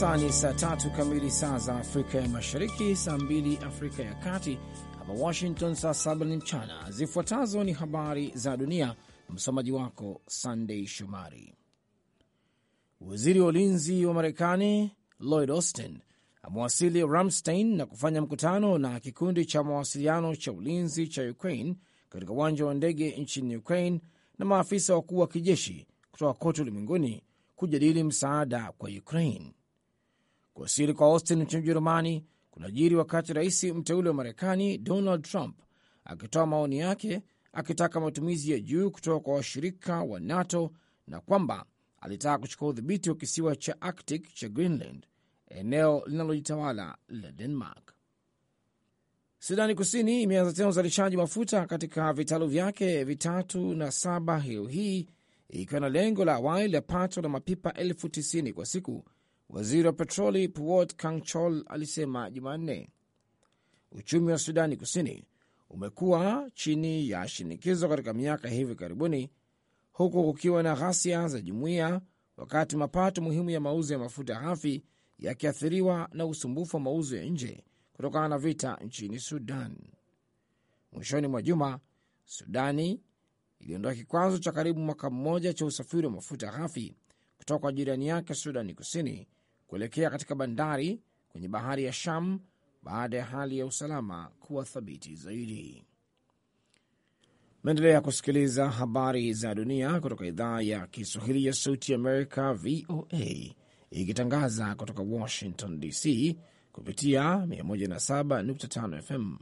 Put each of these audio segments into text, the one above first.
Sasa ni saa tatu kamili saa za Afrika ya Mashariki, saa mbili Afrika ya Kati, hapa Washington saa saba ni mchana. Zifuatazo ni habari za dunia, msomaji wako Sandei Shomari. Waziri wa ulinzi wa Marekani Lloyd Austin amewasili Ramstein na kufanya mkutano na kikundi cha mawasiliano cha ulinzi cha Ukraine katika uwanja wa ndege nchini Ukraine na maafisa wakuu wa kijeshi kutoka kote ulimwenguni kujadili msaada kwa Ukraine. Kuwasili kwa Austin nchini Ujerumani kunajiri wakati rais mteule wa Marekani Donald Trump akitoa maoni yake akitaka matumizi ya juu kutoka kwa washirika wa NATO na kwamba alitaka kuchukua udhibiti wa kisiwa cha Arctic cha Greenland, eneo linalojitawala la Denmark. Sudani Kusini imeanza tena uzalishaji mafuta katika vitalu vyake vitatu na saba, hiyo hii ikiwa na lengo la awali la pato la mapipa elfu tisini kwa siku Waziri wa petroli Puot Kangchol alisema Jumanne uchumi wa Sudani Kusini umekuwa chini ya shinikizo katika miaka hivi karibuni, huku kukiwa na ghasia za jumuiya, wakati mapato muhimu ya mauzo ya mafuta ghafi yakiathiriwa na usumbufu wa mauzo ya nje kutokana na vita nchini Sudan. Mwishoni mwa juma, Sudani iliondoa kikwazo cha karibu mwaka mmoja cha usafiri wa mafuta ghafi kutoka kwa jirani yake Sudani Kusini kuelekea katika bandari kwenye bahari ya Sham baada ya hali ya usalama kuwa thabiti zaidi. Naendelea kusikiliza habari za dunia kutoka idhaa ya Kiswahili ya Sauti Amerika, VOA, ikitangaza kutoka Washington DC kupitia 107.5 FM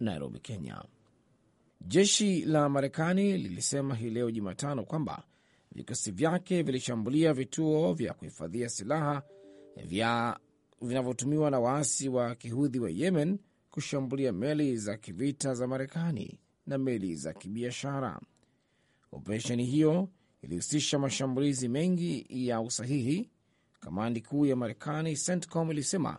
Nairobi, Kenya. Jeshi la Marekani lilisema hii leo Jumatano kwamba vikosi vyake vilishambulia vituo vya kuhifadhia silaha vya vinavyotumiwa na waasi wa kihudhi wa Yemen kushambulia meli za kivita za Marekani na meli za kibiashara. Operesheni hiyo ilihusisha mashambulizi mengi ya usahihi, kamandi kuu ya Marekani CENTCOM ilisema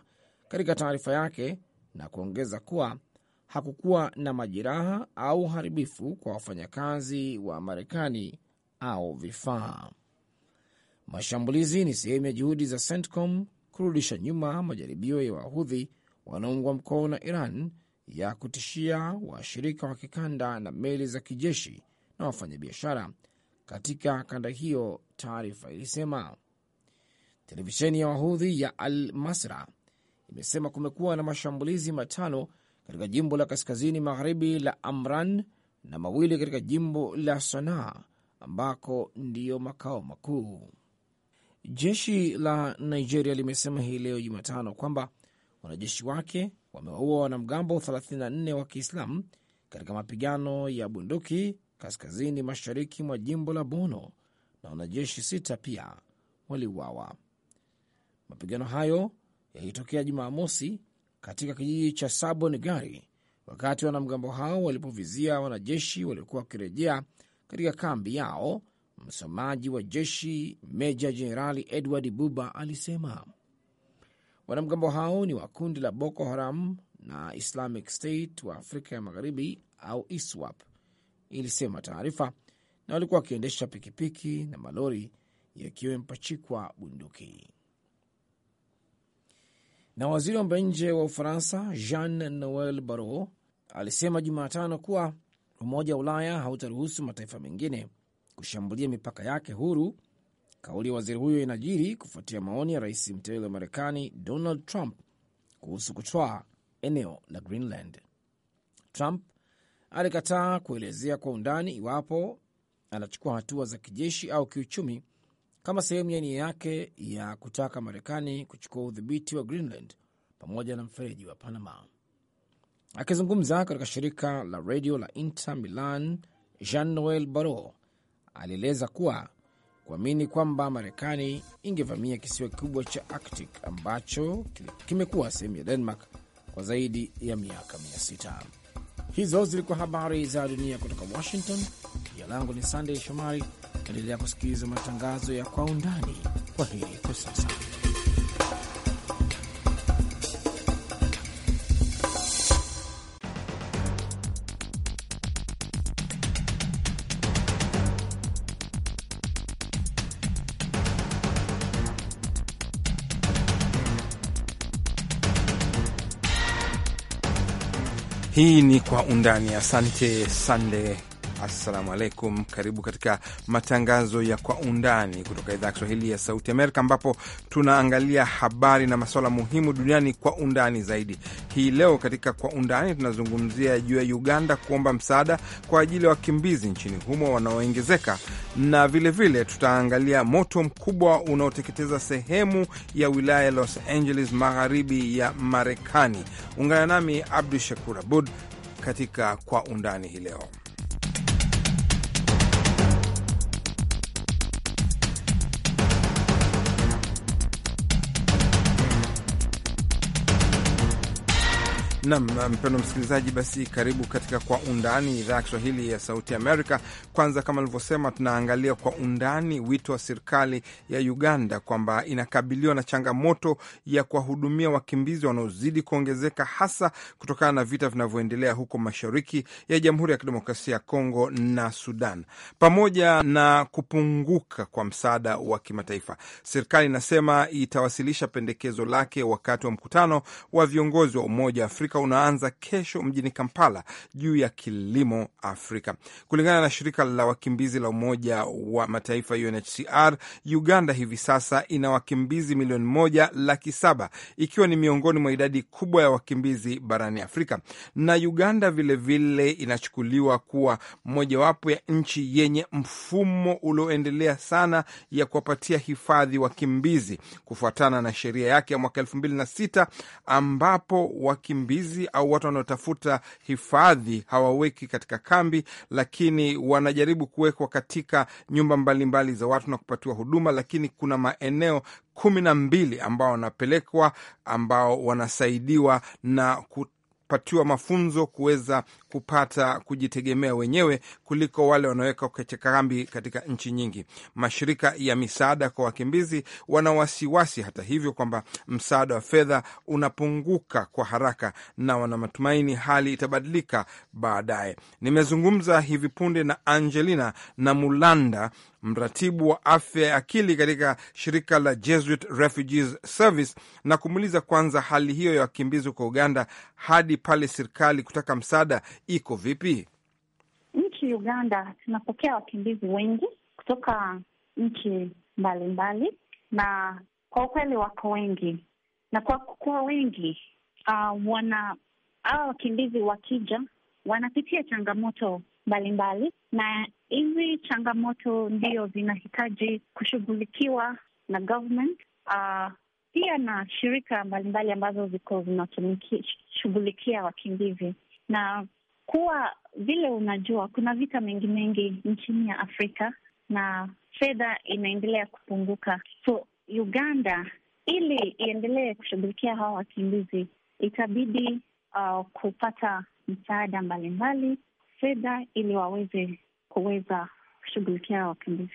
katika taarifa yake, na kuongeza kuwa hakukuwa na majeraha au uharibifu kwa wafanyakazi wa Marekani au vifaa. Mashambulizi ni sehemu ya juhudi za CENTCOM kurudisha nyuma majaribio ya Wahudhi wanaungwa mkono na Iran ya kutishia washirika wa kikanda na meli za kijeshi na wafanyabiashara katika kanda hiyo, taarifa ilisema. Televisheni ya Wahudhi ya Al Masra imesema kumekuwa na mashambulizi matano katika jimbo la kaskazini magharibi la Amran na mawili katika jimbo la Sanaa ambako ndiyo makao makuu. Jeshi la Nigeria limesema hii leo Jumatano kwamba wanajeshi wake wamewaua wanamgambo 34 wa Kiislamu katika mapigano ya bunduki kaskazini mashariki mwa jimbo la Bono na wanajeshi sita pia waliuawa. Mapigano hayo yalitokea Jumamosi katika kijiji cha Sabon gari wakati wanamgambo hao walipovizia wanajeshi waliokuwa wakirejea katika kambi yao Msemaji wa jeshi Meja Jenerali Edward Buba alisema wanamgambo hao ni wa kundi la Boko Haram na Islamic State wa Afrika ya Magharibi au ISWAP, ilisema taarifa, na walikuwa wakiendesha pikipiki na malori yakiwa yamepachikwa bunduki. Na waziri wa mambo ya nje wa Ufaransa Jean Noel Barrot alisema Jumatano kuwa Umoja wa Ulaya hautaruhusu mataifa mengine kushambulia mipaka yake huru. Kauli ya waziri huyo inajiri kufuatia maoni ya rais mteule wa Marekani Donald Trump kuhusu kutwaa eneo la Greenland. Trump alikataa kuelezea kwa undani iwapo anachukua hatua za kijeshi au kiuchumi kama sehemu ya nia yake ya kutaka Marekani kuchukua udhibiti wa Greenland pamoja na mfereji wa Panama. Akizungumza katika shirika la redio la Inter Milan, Jean Noel Barrot alieleza kuwa kuamini kwamba Marekani ingevamia kisiwa kikubwa cha Arctic ambacho kimekuwa sehemu ya Denmark kwa zaidi ya miaka 6 Hizo zilikuwa habari za dunia kutoka Washington. Jina langu ni Sandey Shomari. Endelea kusikiliza matangazo ya Kwa Undani. Kwa heri kwa sasa. Hii ni Kwa Undani. Asante sande Assalamu alaikum, karibu katika matangazo ya kwa undani kutoka idhaa ya Kiswahili ya Sauti Amerika, ambapo tunaangalia habari na masuala muhimu duniani kwa undani zaidi. Hii leo katika kwa undani tunazungumzia juu ya Uganda kuomba msaada kwa ajili ya wakimbizi nchini humo wanaoongezeka, na vilevile vile tutaangalia moto mkubwa unaoteketeza sehemu ya wilaya ya Los Angeles magharibi ya Marekani. Ungana nami Abdu Shakur Abud katika kwa undani hii leo. Nam mpendo msikilizaji, basi karibu katika Kwa Undani, idhaa ya Kiswahili ya Sauti Amerika. Kwanza, kama alivyosema, tunaangalia kwa undani wito wa serikali ya Uganda kwamba inakabiliwa na changamoto ya kuwahudumia wakimbizi wanaozidi kuongezeka, hasa kutokana na vita vinavyoendelea huko mashariki ya Jamhuri ya Kidemokrasia ya Kongo na Sudan, pamoja na kupunguka kwa msaada wa kimataifa. Serikali inasema itawasilisha pendekezo lake wakati wa mkutano wa viongozi wa Umoja wa Afrika Afrika unaanza kesho mjini Kampala juu ya kilimo Afrika. Kulingana na shirika la wakimbizi la Umoja wa Mataifa UNHCR, Uganda hivi sasa ina wakimbizi milioni moja laki saba ikiwa ni miongoni mwa idadi kubwa ya wakimbizi barani Afrika, na Uganda vilevile vile inachukuliwa kuwa mojawapo ya nchi yenye mfumo ulioendelea sana ya kuwapatia hifadhi wakimbizi kufuatana na sheria yake ya mwaka elfu mbili na sita ambapo wakimbizi wakimbizi au watu wanaotafuta hifadhi hawaweki katika kambi, lakini wanajaribu kuwekwa katika nyumba mbalimbali mbali za watu na kupatiwa huduma, lakini kuna maeneo kumi na mbili ambao wanapelekwa ambao wanasaidiwa na wamepatiwa mafunzo kuweza kupata kujitegemea wenyewe kuliko wale wanaweka katika kambi katika nchi nyingi. Mashirika ya misaada kwa wakimbizi wana wasiwasi hata hivyo kwamba msaada wa fedha unapunguka kwa haraka na wana matumaini hali itabadilika baadaye. Nimezungumza hivi punde na Angelina na Mulanda mratibu wa afya ya akili katika shirika la Jesuit Refugees Service, na kumuuliza kwanza hali hiyo ya wakimbizi huko Uganda hadi pale serikali kutaka msaada iko vipi? Nchi Uganda tunapokea wakimbizi wengi kutoka nchi mbalimbali, na kwa ukweli wako wengi, na kwa kuwa wengi uh, wana hawa wakimbizi wakija wanapitia changamoto mbalimbali, na hizi changamoto ndio zinahitaji kushughulikiwa na government, uh, pia na shirika mbalimbali ambazo ziko zinashughulikia wakimbizi na kuwa vile unajua, kuna vita mengi mengi nchini ya Afrika na fedha inaendelea kupunguka. So Uganda ili iendelee kushughulikia hawa wakimbizi itabidi uh, kupata msaada mbalimbali fedha ili waweze kuweza kushughulikia wakimbizi.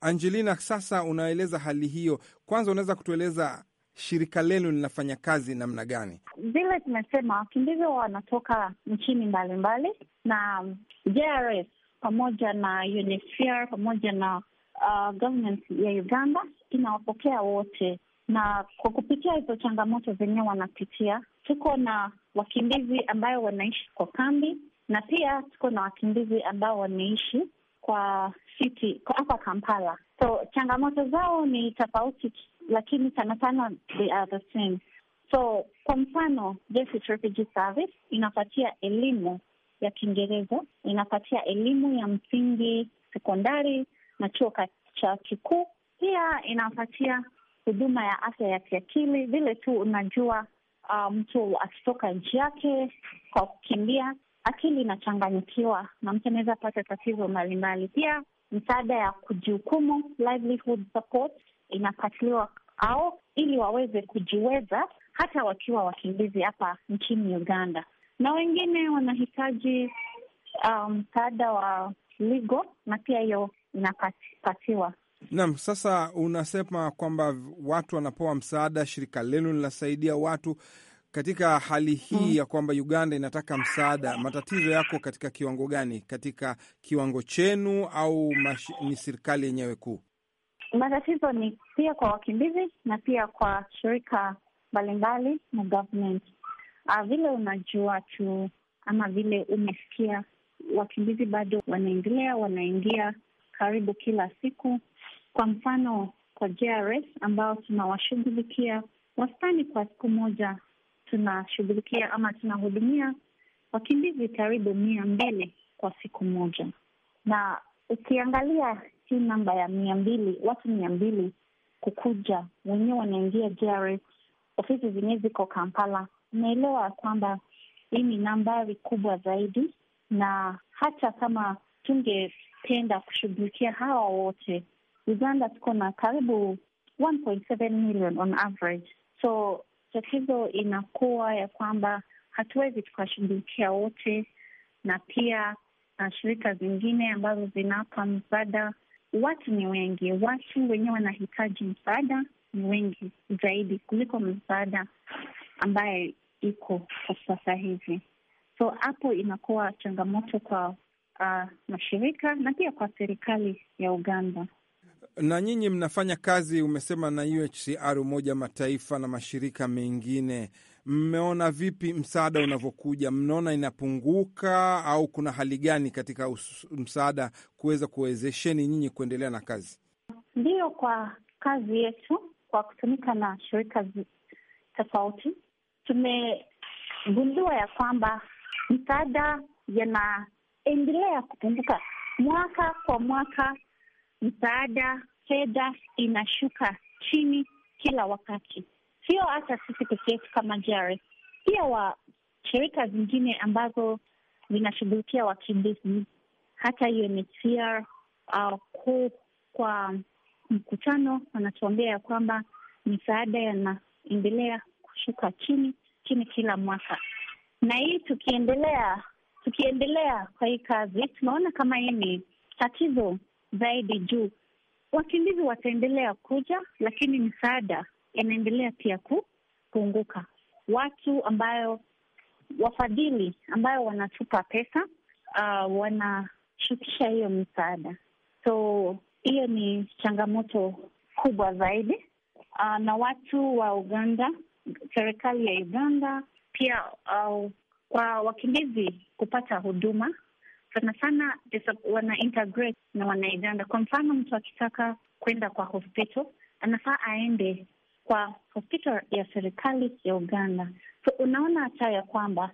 Angelina, sasa unaeleza hali hiyo, kwanza unaweza kutueleza shirika lenu linafanya kazi namna gani? Vile tumesema wakimbizi wanatoka nchini mbalimbali na JRS pamoja na UNHCR pamoja na uh, government ya Uganda inawapokea wote, na kwa kupitia hizo changamoto zenyewe wanapitia, tuko na wakimbizi ambayo wanaishi kwa kambi na pia tuko na wakimbizi ambao wameishi kwa siti hapa Kampala, so changamoto zao ni tofauti, lakini sana sana they are the same. So kwa mfano Jesuit Refugee Service inapatia elimu ya Kiingereza, inapatia elimu ya msingi, sekondari na chuo cha kikuu. Pia inapatia huduma ya afya ya kiakili, vile tu unajua uh, mtu um, akitoka nchi yake kwa kukimbia akili inachanganyikiwa na mtu anaweza pata tatizo mbalimbali. Pia msaada ya kujihukumu, livelihood support, inapatiliwa au ili waweze kujiweza hata wakiwa wakimbizi hapa nchini Uganda, na wengine wanahitaji um, msaada um, wa ligo na pia hiyo inapatiwa. Naam, sasa unasema kwamba watu wanapewa msaada, shirika lenu linasaidia watu katika hali hii mm. ya kwamba Uganda inataka msaada, matatizo yako katika kiwango gani? Katika kiwango chenu au ni serikali yenyewe kuu? Matatizo ni pia kwa wakimbizi na pia kwa shirika mbalimbali na government. Ah, vile unajua tu ama vile umesikia, wakimbizi bado wanaingilia, wanaingia karibu kila siku. Kwa mfano kwa JRS ambao tunawashughulikia wastani kwa siku moja tunashughulikia ama tunahudumia wakimbizi karibu mia mbili kwa siku moja, na ukiangalia hii namba ya mia mbili watu mia mbili kukuja wenyewe wanaingia GRA, ofisi zenyewe ziko Kampala, unaelewa kwamba hii ni nambari kubwa zaidi, na hata kama tungependa kushughulikia hawa wote, Uganda tuko na karibu 1.7 million on average, so tatizo inakuwa ya kwamba hatuwezi tukashughulikia wote, na pia na ah, shirika zingine ambazo zinapa msaada. Watu ni wengi, watu wenyewe wanahitaji msaada ni wengi zaidi kuliko msaada ambaye iko kwa sasa hivi. So hapo inakuwa changamoto kwa uh, mashirika na pia kwa serikali ya Uganda na nyinyi mnafanya kazi, umesema na uhcr Umoja Mataifa na mashirika mengine, mmeona vipi msaada unavyokuja? Mnaona inapunguka au kuna hali gani katika msaada kuweza kuwezesheni nyinyi kuendelea na kazi? Ndiyo, kwa kazi yetu kwa kutumika na shirika tofauti tumegundua ya kwamba msaada yanaendelea kupunguka mwaka kwa mwaka msaada, fedha inashuka chini kila wakati, sio hata sisi peke yetu kama JARE, pia wa shirika zingine ambazo zinashughulikia wakimbizi, hata UNHCR uh, kwa mkutano wanatuambia ya kwamba misaada yanaendelea kushuka chini chini kila mwaka, na hii tukiendelea tukiendelea kwa hii kazi, tunaona kama hii ni tatizo zaidi juu wakimbizi wataendelea kuja, lakini misaada inaendelea pia kupunguka. Watu ambayo wafadhili ambayo wanatupa pesa uh, wanashukisha hiyo misaada, so hiyo ni changamoto kubwa zaidi. Uh, na watu wa Uganda, serikali ya Uganda pia uh, kwa wakimbizi kupata huduma sana sana wana integrate na Wanaiganda. Kwa mfano, mtu akitaka kwenda kwa hospital anafaa aende kwa hospital ya serikali ya Uganda. So unaona hata ya kwamba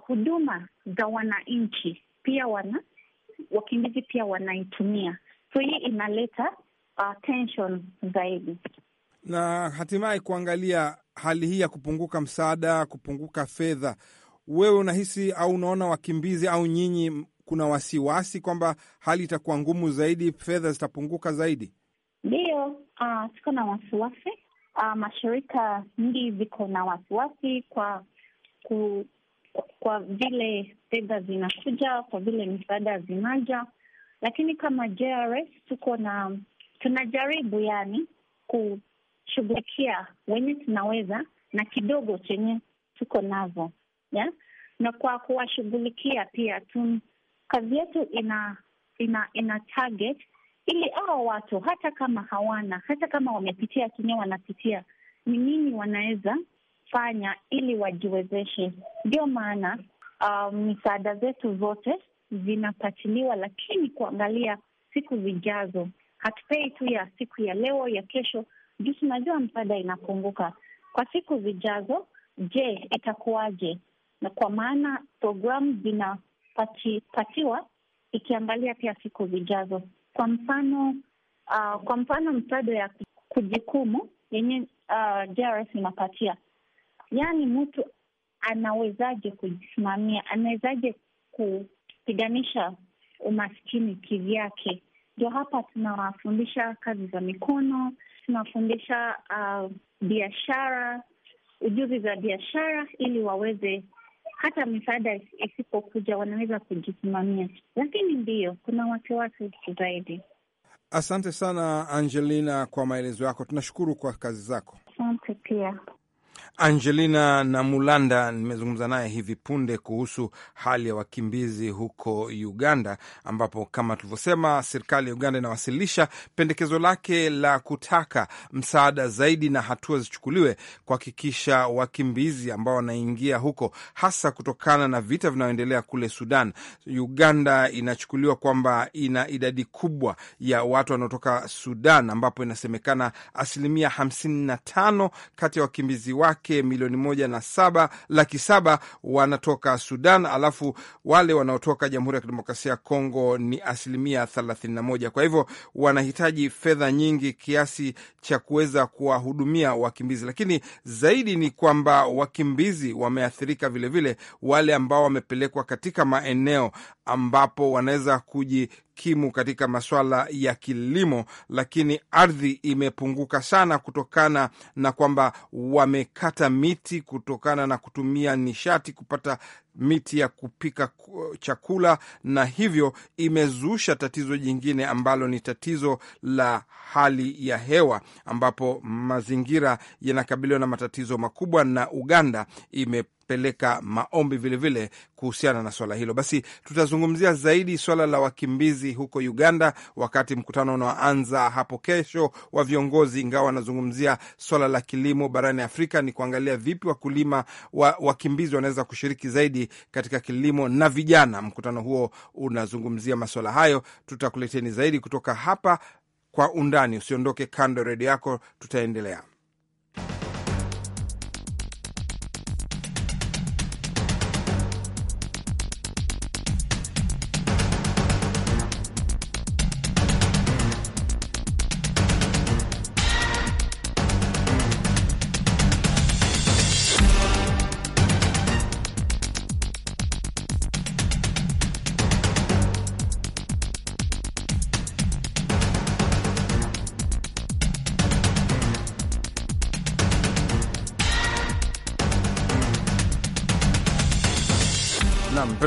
huduma za wananchi pia wana wakimbizi pia wanaitumia, so hii inaleta uh, tension zaidi na hatimaye kuangalia hali hii ya kupunguka msaada, kupunguka fedha. Wewe unahisi au unaona wakimbizi au nyinyi kuna wasiwasi kwamba hali itakuwa ngumu zaidi, fedha zitapunguka zaidi? Ndiyo, uh, tuko na wasiwasi uh, mashirika nyingi ziko na wasiwasi kwa ku, kwa vile fedha zinakuja, kwa vile misaada zinaja, lakini kama JRS tuko na tunajaribu yani kushughulikia wenye tunaweza na kidogo chenye tuko nazo yeah? na kwa kuwashughulikia pia tun, Kazi yetu ina ina ina target ili hao watu hata kama hawana hata kama wamepitia kinye wanapitia ni nini wanaweza fanya ili wajiwezeshe. Ndio maana um, misaada um, zetu zote zinapatiliwa, lakini kuangalia siku zijazo. Hatupei tu ya siku ya leo ya kesho, juu tunajua msaada inapunguka kwa siku zijazo. Je, itakuwaje? Na kwa maana programu zina itapatiwa ikiangalia pia siku zijazo. Kwa mfano uh, kwa mfano msaada ya kujikumu yenye uh, ah, JRS inapatia, yaani mtu anawezaje kujisimamia, anawezaje kupiganisha umaskini kivyake. Ndio hapa tunawafundisha kazi za mikono, tunawafundisha uh, biashara, ujuzi za biashara ili waweze hata misaada isipokuja wanaweza kujisimamia, lakini ndiyo kuna wasiwasi zaidi. Asante sana Angelina kwa maelezo yako, tunashukuru kwa kazi zako. Asante pia. Angelina Namulanda nimezungumza naye hivi punde kuhusu hali ya wakimbizi huko Uganda, ambapo kama tulivyosema, serikali ya Uganda inawasilisha pendekezo lake la kutaka msaada zaidi na hatua zichukuliwe kuhakikisha wakimbizi ambao wanaingia huko, hasa kutokana na vita vinayoendelea kule Sudan. Uganda inachukuliwa kwamba ina idadi kubwa ya watu wanaotoka Sudan, ambapo inasemekana asilimia 55 kati ya wakimbizi wake wake milioni moja na saba laki saba wanatoka Sudan, alafu wale wanaotoka Jamhuri ya Kidemokrasia ya Kongo ni asilimia thelathini na moja. Kwa hivyo wanahitaji fedha nyingi kiasi cha kuweza kuwahudumia wakimbizi, lakini zaidi ni kwamba wakimbizi wameathirika vilevile, wale ambao wamepelekwa katika maeneo ambapo wanaweza kuji muhimu katika masuala ya kilimo, lakini ardhi imepunguka sana kutokana na kwamba wamekata miti kutokana na kutumia nishati kupata miti ya kupika chakula, na hivyo imezusha tatizo jingine ambalo ni tatizo la hali ya hewa, ambapo mazingira yanakabiliwa na matatizo makubwa, na Uganda ime kupeleka maombi vilevile kuhusiana na swala hilo. Basi tutazungumzia zaidi swala la wakimbizi huko Uganda wakati mkutano unaoanza hapo kesho wa viongozi, ingawa wanazungumzia swala la kilimo barani Afrika, ni kuangalia vipi wakulima wa, wakimbizi wanaweza kushiriki zaidi katika kilimo na vijana. Mkutano huo unazungumzia maswala hayo, tutakuleteni zaidi kutoka hapa kwa undani. Usiondoke kando ya redio yako, tutaendelea.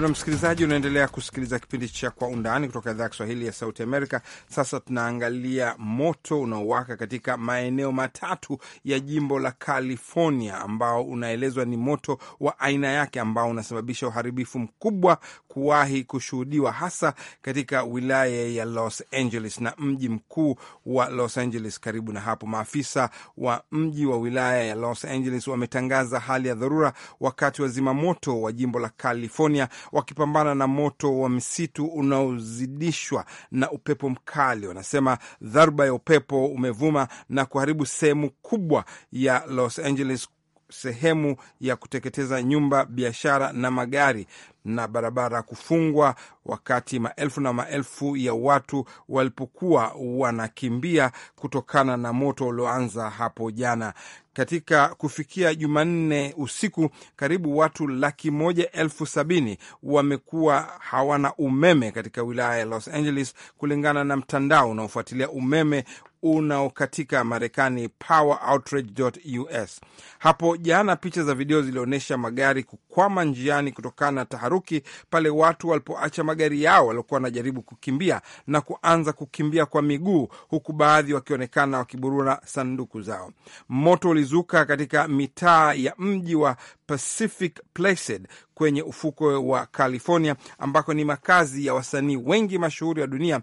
Mpendwa msikilizaji, unaendelea kusikiliza kipindi cha Kwa Undani kutoka idhaa ya Kiswahili ya Sauti Amerika. Sasa tunaangalia moto unaowaka katika maeneo matatu ya jimbo la California, ambao unaelezwa ni moto wa aina yake ambao unasababisha uharibifu mkubwa kuwahi kushuhudiwa hasa katika wilaya ya Los Angeles na mji mkuu wa Los Angeles karibu na hapo. Maafisa wa mji wa wilaya ya Los Angeles wametangaza hali ya dharura, wakati wa zimamoto wa jimbo la California wakipambana na moto wa msitu unaozidishwa na upepo mkali. Wanasema dharuba ya upepo umevuma na kuharibu sehemu kubwa ya Los Angeles sehemu ya kuteketeza nyumba, biashara na magari na barabara kufungwa, wakati maelfu na maelfu ya watu walipokuwa wanakimbia kutokana na moto ulioanza hapo jana. Katika kufikia Jumanne usiku, karibu watu laki moja elfu sabini wamekuwa hawana umeme katika wilaya ya Los Angeles, kulingana na mtandao unaofuatilia umeme unaokatika Marekani, poweroutrage.us. Hapo jana picha za video zilionyesha magari kukwama njiani kutokana na taharuki pale watu walipoacha magari yao waliokuwa wanajaribu kukimbia na kuanza kukimbia kwa miguu, huku baadhi wakionekana wakiburura sanduku zao. Moto ulizuka katika mitaa ya mji wa Pacific Placid kwenye ufukwe wa California ambako ni makazi ya wasanii wengi mashuhuri wa dunia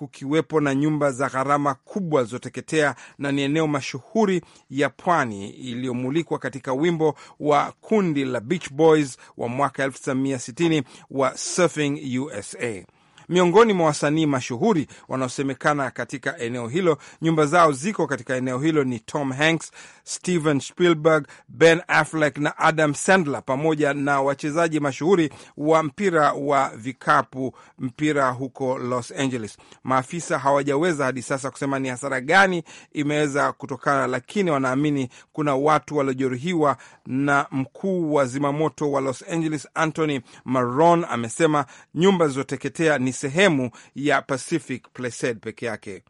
kukiwepo na nyumba za gharama kubwa zilizoteketea na ni eneo mashuhuri ya pwani iliyomulikwa katika wimbo wa kundi la Beach Boys wa mwaka 1960 wa Surfing USA miongoni mwa wasanii mashuhuri wanaosemekana katika eneo hilo. Nyumba zao ziko katika eneo hilo ni Tom Hanks, Steven Spielberg, Ben Affleck na Adam Sandler, pamoja na wachezaji mashuhuri wa mpira wa vikapu, mpira huko Los Angeles. Maafisa hawajaweza hadi sasa kusema ni hasara gani imeweza kutokana, lakini wanaamini kuna watu waliojeruhiwa. Na mkuu wa zimamoto wa Los Angeles Anthony Maron amesema nyumba zilizoteketea ni sehemu ya Pacific Palisades peke yake.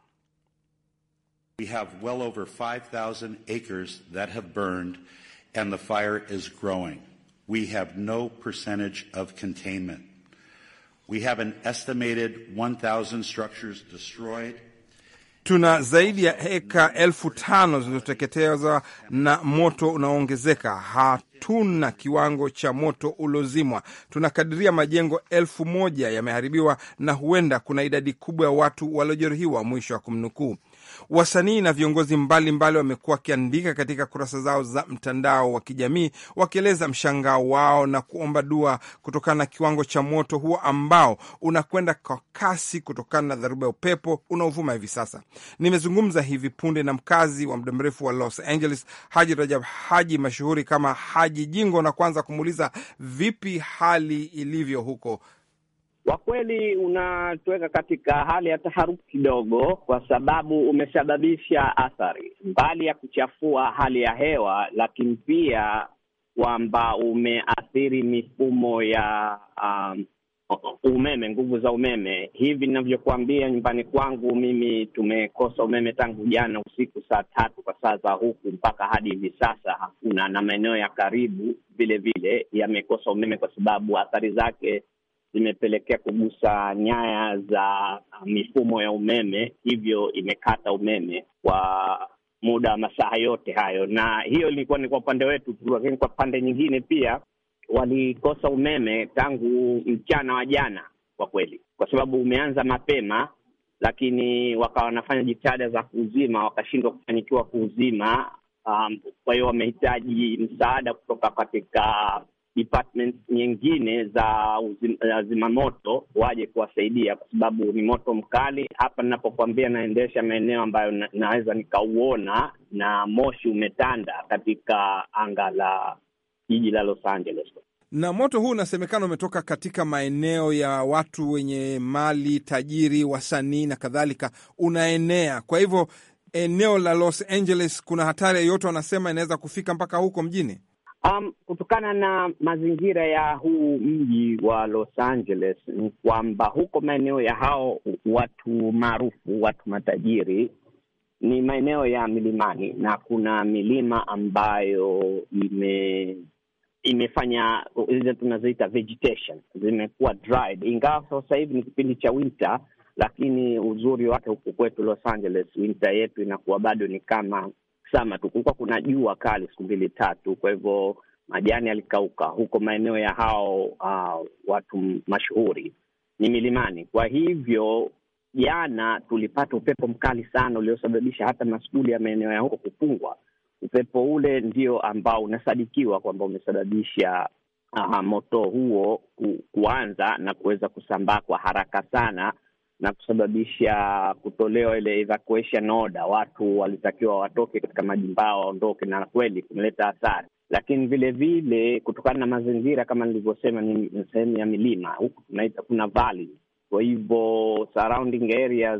We have well over 5,000 acres that have burned and the fire is growing. We have no percentage of containment. We have an estimated 1,000 structures destroyed. Tuna zaidi ya heka elfu tano zilizoteketezwa na moto unaoongezeka tuna kiwango cha moto uliozimwa. Tunakadiria majengo elfu moja yameharibiwa na huenda kuna idadi kubwa ya watu waliojeruhiwa, mwisho wa kumnukuu. Wasanii na viongozi mbalimbali wamekuwa wakiandika katika kurasa zao za mtandao wa kijamii wakieleza mshangao wao na kuomba dua kutokana na kiwango cha moto huo ambao unakwenda kwa kasi kutokana na dharuba ya upepo unaovuma hivi sasa. Nimezungumza hivi punde na mkazi wa muda mrefu wa Los Angeles, Haji Rajab Haji mashuhuri kama Haji Jingo, na kwanza kumuuliza vipi hali ilivyo huko kwa kweli unatuweka katika hali ya taharuki kidogo, kwa sababu umesababisha athari mbali ya kuchafua hali ya hewa, lakini pia kwamba umeathiri mifumo ya um, umeme, nguvu za umeme. Hivi ninavyokuambia, nyumbani kwangu mimi tumekosa umeme tangu jana usiku saa tatu kwa saa za huku mpaka hadi hivi sasa hakuna, na maeneo ya karibu vilevile yamekosa umeme kwa sababu athari zake zimepelekea kugusa nyaya za mifumo ya umeme, hivyo imekata umeme kwa muda wa masaa yote hayo, na hiyo ilikuwa ni kwa upande wetu tu, lakini kwa pande nyingine pia walikosa umeme tangu mchana wa jana, kwa kweli, kwa sababu umeanza mapema, lakini wakawa wanafanya jitihada za kuuzima, wakashindwa kufanikiwa kuuzima. Um, kwa hiyo wamehitaji msaada kutoka katika departments nyingine za uzim, zimamoto waje kuwasaidia, kwa sababu ni moto mkali hapa. Ninapokwambia naendesha maeneo ambayo na, naweza nikauona na moshi umetanda katika anga la jiji la Los Angeles. Na moto huu unasemekana umetoka katika maeneo ya watu wenye mali tajiri, wasanii na kadhalika, unaenea. Kwa hivyo eneo la Los Angeles kuna hatari yoyote, wanasema inaweza kufika mpaka huko mjini. Um, kutokana na mazingira ya huu mji wa Los Angeles ni kwamba huko maeneo ya hao watu maarufu, watu matajiri ni maeneo ya milimani na kuna milima ambayo ime imefanya hizo tunazoita vegetation zimekuwa dried, ingawa sasa hivi ni kipindi cha winter, lakini uzuri wake huku kwetu Los Angeles winter yetu inakuwa bado ni kama sana tu. Kulikuwa kuna jua kali siku mbili tatu, kwa hivyo majani yalikauka huko maeneo ya hao uh, watu mashuhuri ni milimani. Kwa hivyo jana tulipata upepo mkali sana uliosababisha hata maskuli ya maeneo ya huko kufungwa. Upepo ule ndio ambao unasadikiwa kwamba umesababisha uh, moto huo ku, kuanza na kuweza kusambaa kwa haraka sana na kusababisha kutolewa ile evacuation order. Watu walitakiwa watoke katika majumbao waondoke, na kweli kumeleta athari, lakini vile vile kutokana na mazingira kama nilivyosema, ni sehemu ya milima, huku tunaita kuna valley kwa hivyo surrounding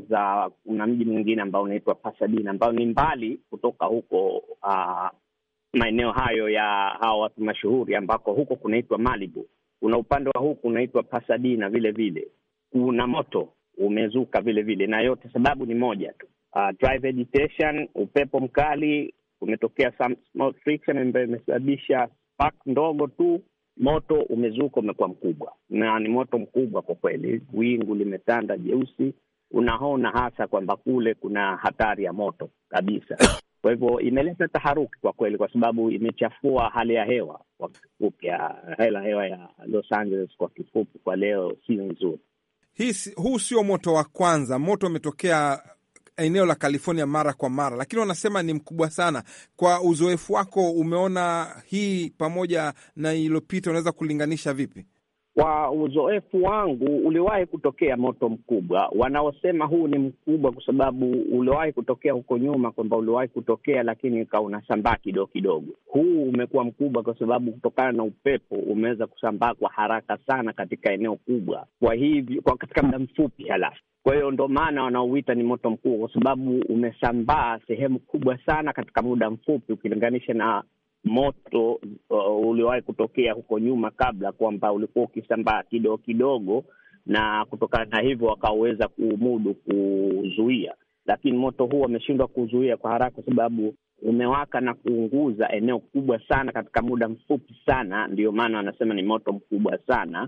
za uh, kuna mji mwingine ambao unaitwa Pasadena ambao ni mbali kutoka huko uh, maeneo hayo ya hawa watu mashuhuri, ambako huko kunaitwa Malibu. Kuna upande wa huku unaitwa Pasadena, vile vile kuna moto umezuka vile vile, na yote sababu ni moja tu, uh, ah, dry vegetation, upepo mkali umetokea, some small friction ambayo imesababisha spark ndogo tu. Moto umezuka umekuwa mkubwa, na ni moto mkubwa kwa kweli. Wingu limetanda jeusi, unaona hasa kwamba kule kuna hatari ya moto kabisa. Kwa hivyo imeleta taharuki kwa kweli, kwa sababu imechafua hali ya hewa. Kwa kifupi, hali ya hewa ya Los Angeles kwa kifupi, kwa leo si nzuri huu sio moto wa kwanza. Moto umetokea eneo la California mara kwa mara, lakini wanasema ni mkubwa sana. Kwa uzoefu wako, umeona hii pamoja na iliyopita, unaweza kulinganisha vipi? Kwa uzoefu wangu uliwahi kutokea moto mkubwa. Wanaosema huu ni mkubwa kwa sababu uliwahi kutokea huko nyuma, kwamba uliwahi kutokea lakini ukawa unasambaa kidogo kidogo. Huu umekuwa mkubwa kwa sababu kutokana na upepo umeweza kusambaa kwa haraka sana katika eneo kubwa, kwa hivyo kwa katika muda mfupi halafu kwa hiyo ndo maana wanaouita ni moto mkubwa, kwa sababu umesambaa sehemu kubwa sana katika muda mfupi, ukilinganisha na moto uh, uliowahi kutokea huko nyuma kabla, kwamba ulikuwa ukisambaa kidogo kidogo, na kutokana na hivyo wakaweza kumudu kuzuia, lakini moto huu wameshindwa kuzuia kwa haraka, kwa sababu umewaka na kuunguza eneo kubwa sana katika muda mfupi sana. Ndio maana wanasema ni moto mkubwa sana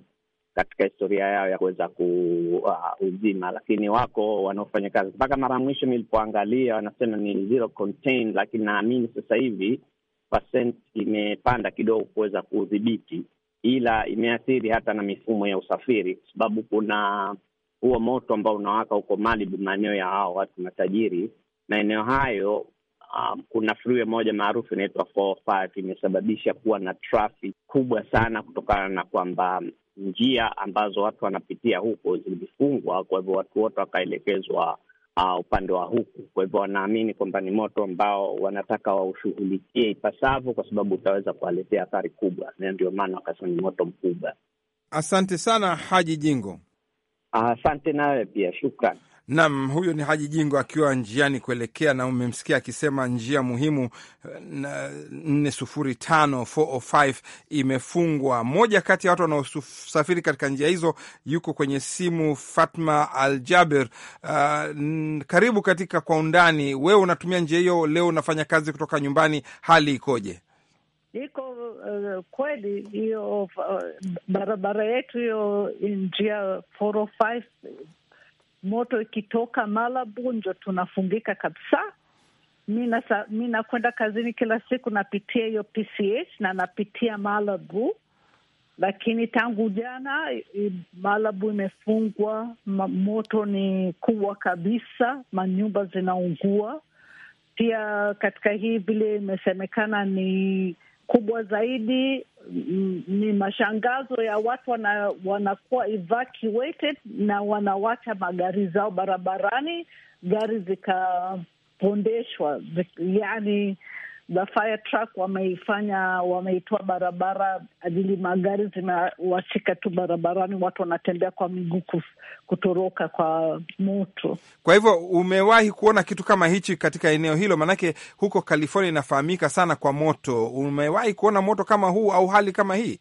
katika historia yao ya kuweza kuuzima uh, lakini wako wanaofanya kazi mpaka mara mwisho nilipoangalia wanasema ni zero lakini naamini sasa hivi percent imepanda kidogo kuweza kudhibiti, ila imeathiri hata na mifumo ya usafiri, kwa sababu kuna huo moto ambao unawaka huko Malibu, maeneo ya hao watu matajiri. Maeneo hayo um, kuna freeway moja maarufu inaitwa oh imesababisha kuwa na traffic kubwa sana, kutokana na kwamba njia ambazo watu wanapitia huko zilifungwa, kwa hivyo watu wote wakaelekezwa uh, upande wa huku. Kwa hivyo wanaamini kwamba ni moto ambao wanataka waushughulikie ipasavyo, kwa sababu utaweza kuwaletea athari kubwa, na ndio maana wakasema ni moto mkubwa. Asante sana Haji Jingo. Asante uh, nawe pia, shukran. Nam, huyo ni Haji Jingo akiwa njiani kuelekea, na umemsikia akisema njia muhimu 405 eh, 405 imefungwa. Moja kati ya watu wanaosafiri katika njia hizo yuko kwenye simu, Fatma Al Jaber. Uh, ah, karibu katika Kwa Undani. Wewe unatumia njia hiyo leo, unafanya kazi kutoka nyumbani, hali ikoje? Iko uh, kweli hiyo uh, barabara yetu hiyo njia 405 moto ikitoka malabu ndio tunafungika kabisa. Mi nakwenda kazini kila siku, napitia hiyo PCH na napitia Malabu, lakini tangu jana Malabu imefungwa, moto ni kubwa kabisa, manyumba zinaungua. Pia katika hii vile imesemekana ni kubwa zaidi mm, ni mashangazo ya watu wana, wanakuwa evacuated na wanawacha magari zao barabarani, gari zikapondeshwa, yani the fire truck wameifanya, wameitoa barabara ajili magari zimewashika tu barabarani, watu wanatembea kwa miguu kutoroka kwa moto. Kwa hivyo umewahi kuona kitu kama hichi katika eneo hilo? Maanake huko California inafahamika sana kwa moto. Umewahi kuona moto kama huu au hali kama hii?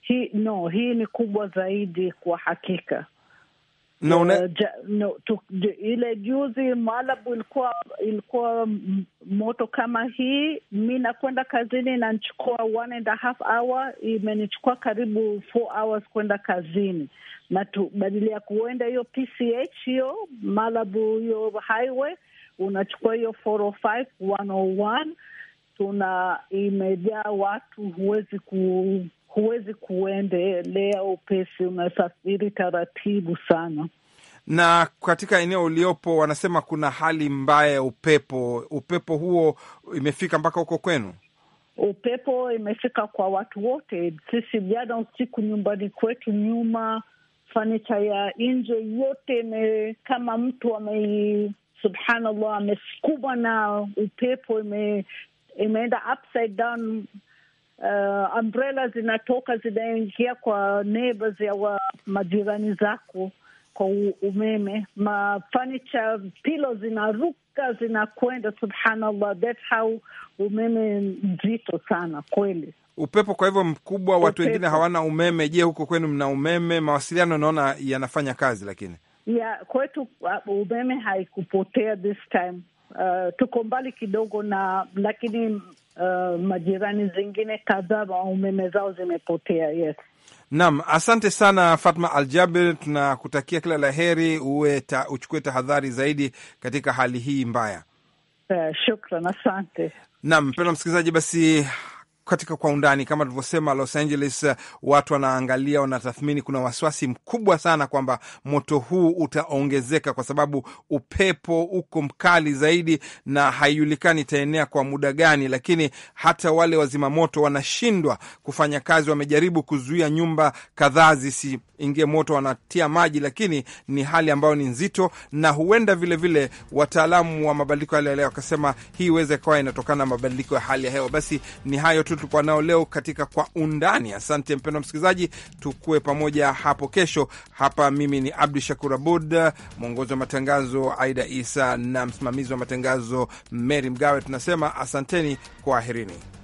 Hii no, hii ni kubwa zaidi kwa hakika naona no, uh, ile juzi malabu ilikuwa ilikuwa moto kama hii. Mi nakwenda kazini inanichukua one and a half hour, imenichukua karibu four hours kwenda kazini, na badili ya kuenda hiyo PCH hiyo malabu hiyo highway unachukua hiyo 405 101, tuna imejaa watu, huwezi ku huwezi kuendelea upesi, unasafiri taratibu sana. Na katika eneo uliopo, wanasema kuna hali mbaya ya upepo. Upepo huo imefika mpaka huko kwenu? Upepo imefika kwa watu wote. Sisi jana usiku nyumbani kwetu nyuma, fanicha ya nje yote ime kama mtu ame, subhanallah, amesukumwa na upepo ime, imeenda upside down uh, umbrella zinatoka zinaingia kwa neighbors ya wa majirani zako kwa umeme, mafanicha pilo zinaruka zinakwenda. Subhanallah, that's how umeme mzito sana kweli. Upepo kwa hivyo mkubwa, watu upepo. Wengine hawana umeme. Je, huko kwenu mna umeme? Mawasiliano naona yanafanya kazi, lakini yeah, kwetu uh, umeme haikupotea this time. Uh, tuko mbali kidogo na lakini Uh, majirani zingine kadhaa umeme zao zimepotea. Yes. Naam, asante sana Fatma Aljabir, tunakutakia kila la heri, uwe ta, uchukue tahadhari zaidi katika hali hii mbaya. Uh, shukran, asante. Naam, mpendwa msikilizaji, basi katika kwa undani kama tulivyosema, Los Angeles uh, watu wanaangalia, wanatathmini. Kuna wasiwasi mkubwa sana kwamba moto huu utaongezeka kwa sababu upepo uko mkali zaidi, na haijulikani itaenea kwa muda gani. Lakini hata wale wazimamoto wanashindwa kufanya kazi. Wamejaribu kuzuia nyumba kadhaa zisiingie moto, wanatia maji, lakini ni hali ambayo ni nzito, na huenda vilevile wataalamu wa mabadiliko ya hali ya hewa wakasema hii iweze kawa inatokana na mabadiliko ya hali ya hewa. Basi ni hayo tu tulikuwa nao leo katika Kwa Undani. Asante mpendwa msikilizaji, tukuwe pamoja hapo kesho hapa. Mimi ni Abdu Shakur Abud, mwongozi wa matangazo Aida Isa na msimamizi wa matangazo Meri Mgawe. Tunasema asanteni, kwaherini.